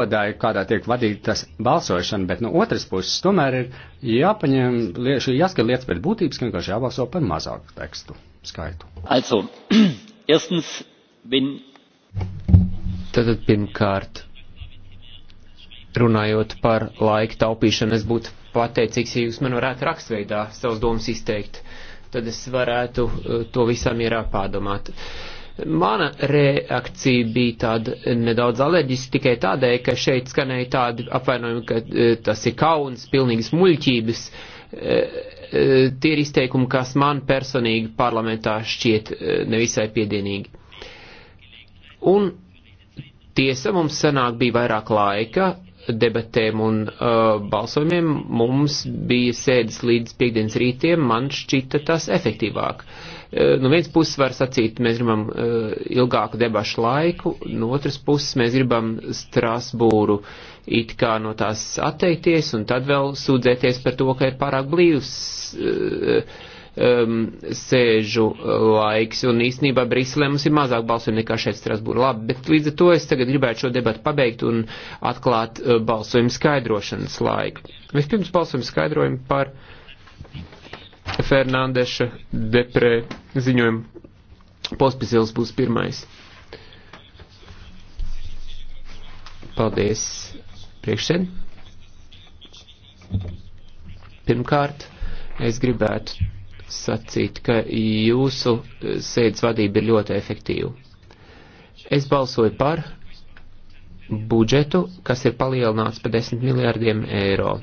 vadāja, kādā tiek vadītas balsošana, bet no otras puses tomēr ir jāpaņem, šī jāskat lietas pēc būtības, ka vienkārši jābalso par mazāku tekstu skaitu. Also, erstens, wenn... Tātad pirmkārt, runājot par laika taupīšanu, es būtu pateicīgs, ja jūs man varētu rakstveidā savus domas izteikt, tad es varētu eh, to visam ierā pārdomāt. Uh, Mana reakcija bija tāda nedaudz alerģiska tikai tādēļ, ka šeit skanēja tādi apvainojumi, ka e, tas ir kauns, pilnīgas muļķības. E, e, tie ir izteikumi, kas man personīgi parlamentā šķiet nevisai piedienīgi. Un tiesa mums sanāk bija vairāk laika debatēm un uh, balsojumiem mums bija sēdes līdz piekdienas rītiem, man šķita tas efektīvāk. Uh, no nu viens puses var sacīt, mēs gribam uh, ilgāku debašu laiku, no otras puses mēs gribam Strasbūru it kā no tās atteikties un tad vēl sūdzēties par to, ka ir pārāk blīvs. Uh, um, sēžu laiks, un īstenībā Briselē mums ir mazāk balsojumu nekā šeit Strasbūra. Labi, bet līdz ar to es tagad gribētu šo debatu pabeigt un atklāt uh, balsojumu skaidrošanas laiku. Vispirms balsojumu skaidrojumu par Fernandeša deprē ziņojumu. Pospizils būs pirmais. Paldies, priekšsēd. Pirmkārt, es gribētu sacīt, ka jūsu eh, sēdes vadība ir ļoti efektīva. Es balsoju par budžetu, kas ir palielināts pa 10 miljārdiem eiro.